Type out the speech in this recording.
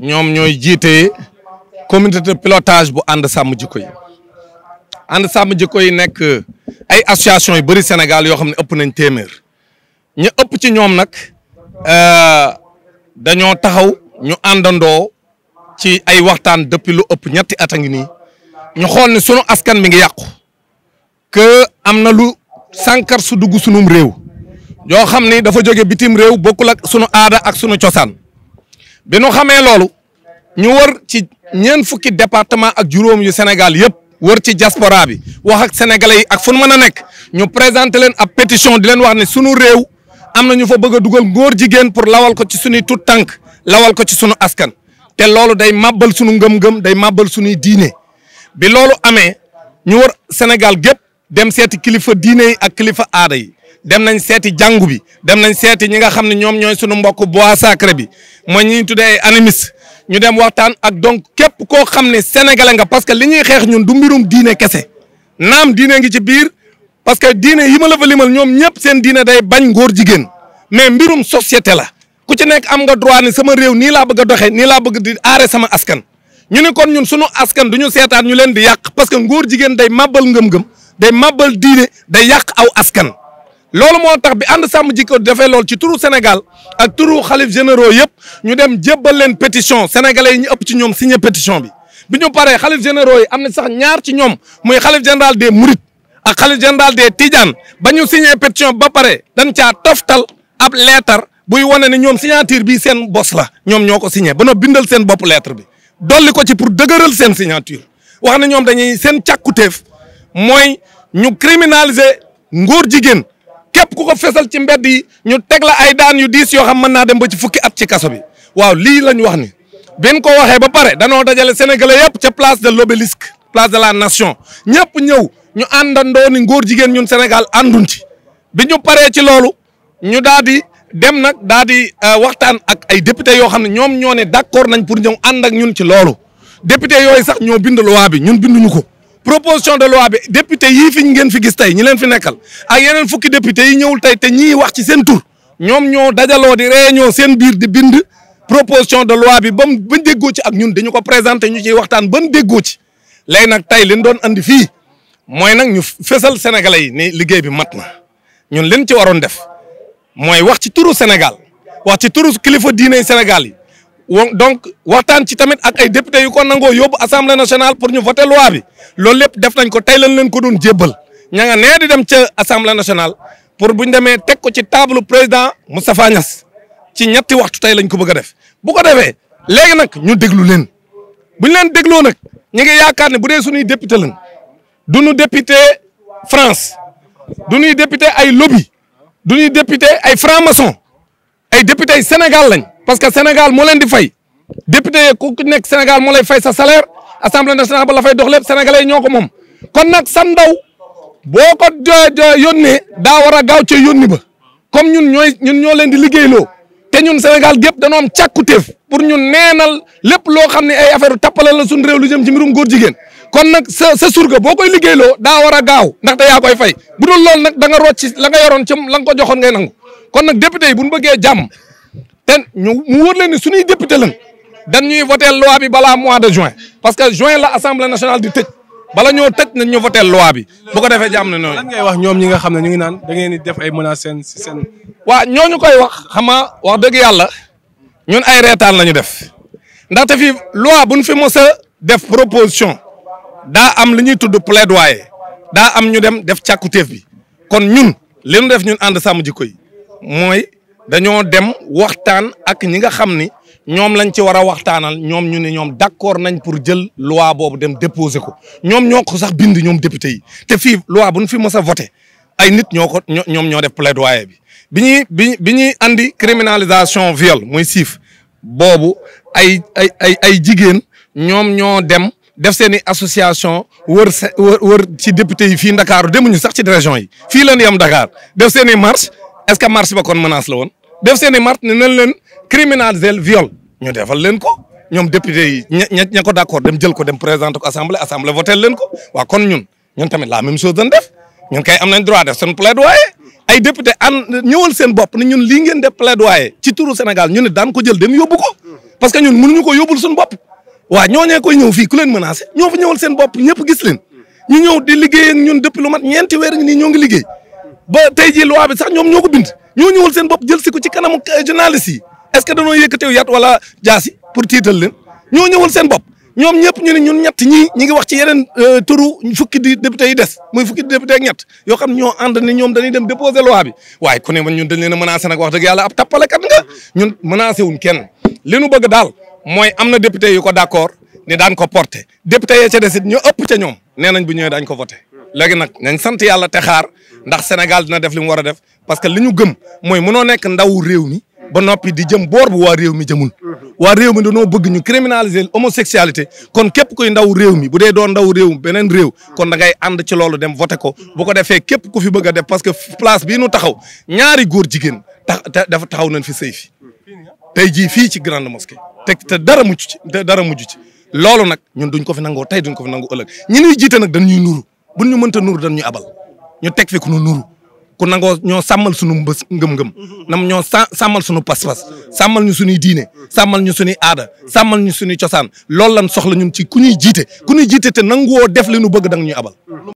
ñoom ñooy jiite comité de pilotage bu ànd sàmm jikko yi ànd sàmm jikko yi nekk ay association yu bëri Sénégal yoo xam ne ëpp nañ téeméer ñu ëpp ci ñoom nag euh, dañoo taxaw ñu àndandoo ci ay waxtaan depuis lu ëpp ñetti at a ngi ñu xool ne sunu askan mi ngi yàqu que am na lu sànkar su dugg sunum réew yoo xam ni dafa jóge bitim réew bokkul ak sunu aada ak sunu cosaan bi nu xamee loolu ñu wër ci ñeent fukki département ak juróom yu Sénégal yëpp wër ci diaspora bi wax ak sénégalais yi ak fu nu mën a nekk ñu présenté leen ab pétition di leen wax ne sunu réew am na ñu fa bëgg a dugal ngóor jigéen pour lawal ko ci sunuy tout tànk lawal ko ci sunu askan te loolu day màbbal sunu ngëm-ngëm day màbbal sunuy diine bi loolu amee ñu wër Sénégal gépp dem seeti kilifa diine yi ak kilifa aada yi dem nañ seeti jàngu bi dem nañ seeti ñi nga xam ne ñoom ñooy sunu mbokk bois sacré bi mooy ñi tuddee animiste ñu dem waxtaan ak donc képp koo xam ne sénégalais nga parce que li ñuy xeex ñun du mbirum diine kese naam diine ngi ci biir parce que diine yi ma la fa limal ñoom ñëpp seen diine day bañ ngóor jigéen mais mbirum société la ku ci nekk am nga droit ni sama réew nii laa bëgg a doxee nii laa bëgg di aare sama askan ñu ne kon ñun sunu askan du ñu seetaan ñu leen di yàq parce que ngóor jigéen day màbbal ngëm-ngëm day màbbal diine day yàq aw askan loolu moo tax bi ànd sàmm jikko defee loolu ci turu Sénégal ak turu xalif généraux yëpp ñu dem jébbal leen pétition sénégalais yi ñu ëpp ci ñoom signé pétition bi bi ñu paree xalif généraux yi am na sax ñaar ci ñoom muy xalif général des Mourides ak xalif général de Tidiane ba ñu signé pétition ba pare dañ caa toftal ab leetar buy wane ne ñoom signature bi seen bos la ñoom ñoo ko signé ba no bindal seen bopp lettre bi dolli ko ci pour dëgëral seen signature wax ne ñoom dañuy seen càkkutéef mooy ñu criminaliser ngóor jigéen képp ku ko fesal ci mbedd yi ñu teg ay daan yu diis yoo xam mën naa dem ba ci fukki at ci kaso bi waaw lii lañ wax ni bin ko waxee ba pare danoo dajale sénégalais yëpp ca place de l'obélisque place de la nation ñëpp ñëw ñu àndandoo ni ngóor jigéen ñun senegal àndun ci bi ñu paree ci loolu ñu daal di dem nag daal di euh, waxtaan ak ay député yoo xam ne ñoom ñoo ne d'accord nañ pour ñëw ànd ak ñun ci loolu député yooyu sax ñoo bind loi bi ñun binduñu ko proposition de loi bi député yii fi ngeen fi gis tey ñi leen fi nekkal ak yeneen fukki député yi ñëwul tey te ñii wax ci seen tur ñoom ñoo dajaloo di réunion seen biir di bind proposition de loi bi ba mu ba déggoo ci ak ñun dañu ko présenté ñu ciy waxtaan ba mu déggoo ci. léegi nag tey li doon andi fii mooy nag ñu fesal sénégalais yi ni liggéey bi mat na ñun leen ci waroon def mooy wax ci turu Sénégal wax ci turu kilifa diine Sénégal yi. donc waxtaan ci tamit ak ay député yu ko nangoo yóbbu assemblée nationale pour ñu voter loi bi loolu lépp def nañ ko tey lañ leen ko doon jébbal ña nga nee di dem ca assemblée nationale pour bu demee teg ko ci table président Moustapha Niass ci ñetti waxtu tey lañ ko bëgg a def. bu ko defee léegi nag ñu déglu leen buñ leen dégloo nag ñu ngi yaakaar ne bu dee suñuy député lañ du ñu député France du ñuy député ay lobby du ñuy député ay franc-maçon ay député Sénégal lañ. parce que Sénégal moo leen di fay député yeeg ku nekk Sénégal moo lay fay sa salaire assemblée nationale ba la fay dox lépp sénégalais ñoo ko moom. kon nag sa boo ko yónnee daa war a gaaw ca yónni ba comme ñun ñooy ñun ñoo leen di liggéeyloo te ñun Sénégal gépp danoo am càkkutéef pour ñu neenal lépp loo xam ne ay affair tappalal la suñu lu jëm ci mbirum góor jigéen. kon nag sa sa surga boo koy liggéeyloo daa war gaaw ndaxte yaa koy fay bu dul loolu nag danga nga rocci la nga yoroon ci la nga ko joxoon ngay nangu kon nag député yi bu ñu bëggee jàmm te ñu mu wóor leen ni suñuy député lañ ñuy voté loi bi balaa mois de juin parce que juin la assemblée nationale di tëj bala ñoo tëj nañ ñu voté loi bi bu ko defee jàmm na ñooñu. lan ngay wax ñoom ñi nga xam ne ñu naan da ngeen di def ay menaces seen si seen. waa ñooñu koy wax xama wax dëgg yàlla ñun ay reetaan la def ndaxte fi loi buñ fi mos a def proposition daa am li ñuy tudd plaidoyer daa am ñu dem def càkkutéef bi kon ñun li def ñun ànd sàmm jikko yi mooy. dañoo dem waxtaan ak ñi nga xam ni ñoom lañ ci war a waxtaanal ñoom ñu ne ñoom d'accord nañ pour jël loi boobu dem déposer ko ñoom ñoo ko sax bindi ñoom député yi te fii loi bu ñu fi mës a voté ay nit ñoo ko ñoom ñoo def plaidoyer bi bi ñuy bi bi ñuy andi criminalisation viol muy siif boobu ay ay ay ay jigéen ñoom ñoo dem def seen i association wër sa wër wër ci député yi fii Ndakaaru demuñu sax ci région yi fii la ñu yem Dakar def seen i marche est-ce que marche ba kon menace la woon def seen i marte ne nañ leen criminaliser viol ñu defal leen ko ñoom député yi ña ña ko d' dem jël ko dem présenter ko assemblée assemblée voté leen ko waaw kon ñun ñun tamit la même chose dañ def ñun kay am nañ droit def seen plaidoyer ay député an ñëwal seen bopp ne ñun lii ngeen def plaidoyer ci turu Sénégal ñu ne daan ko jël dem yóbbu ko parce que ñun mënuñu ko yóbbul suñu bopp waaw ñooñee koy ñëw fii ku leen menacé ñoo fa ñëwal seen bopp ñëpp gis len ñu ñëw di liggéey ak ñun depuis lu mat ñeenti weer ngi nii ñoo ngi liggéey ba tey jii loi bi sax ñoom ñoo ko bind ñoo ñëwal seen bopp jël si ko ci kanamu euh, journaliste yi est-ce que danoo yëkkateew yat wala jaasi pour tiital leen ñoo ñëwal seen bopp ñoom ñëpp ñu ne ñun ñett ñi ñi ngi wax ci yeneen euh, turu fukki di député yi des muy fukki di député ak ñett yoo xam ñoo ànd ni ñoom dañuy dem déposer loi bi waaye ku ne man ñun dañ leen a menacé nag wax dëgg yàlla ab tappalekat nga ñun menacé wuñ kenn li nu bëgg daal mooy am na député yu ko d'accord ne daan ko porté député yee ca des it ñu ëpp ca ñoom nee nañ bu ñëwee daañ ko voté léegi nag nañ sant yàlla te xaar ndax Sénégal dina def li mu war a def parce que li ñu gëm mooy mënoo nekk ndaw réew mi ba noppi di jëm boor bu waa réew mi jëmul waa réew mi dañoo bëgg ñu criminaliser homosexualité kon képp kuy ndaw réew mi bu dee doon ndaw réew beneen réew kon da ngay ànd ci loolu dem voté ko bu ko defee képp ku fi bëgg a def parce que place bii nu taxaw ñaari góor jigéen tax dafa taxaw nañ fi sëy fi tey jii fii ci grande mosquée te te dara mucc ci dara mujj ci loolu nag ñun duñ ko fi nangoo tey duñ ko fi nangoo ëllëg ñi ñuy jiite nag dañuy nuru bu ñu mënta nuur dañ ñu abal ñu teg fi ku ñu nuuru ku nangoo ñoo sàmmal suñu mbës ngëm-ngëm nam ñoo sa sàmmal suñu pas sàmmal ñu suñuy diine sàmmal ñu suñuy aada sàmmal ñu suñuy cosaan loolu lan soxla ñun ci ku ñuy jiite ku ñu jiite te nanguwoo def li ñu bëgg danga ñuy abal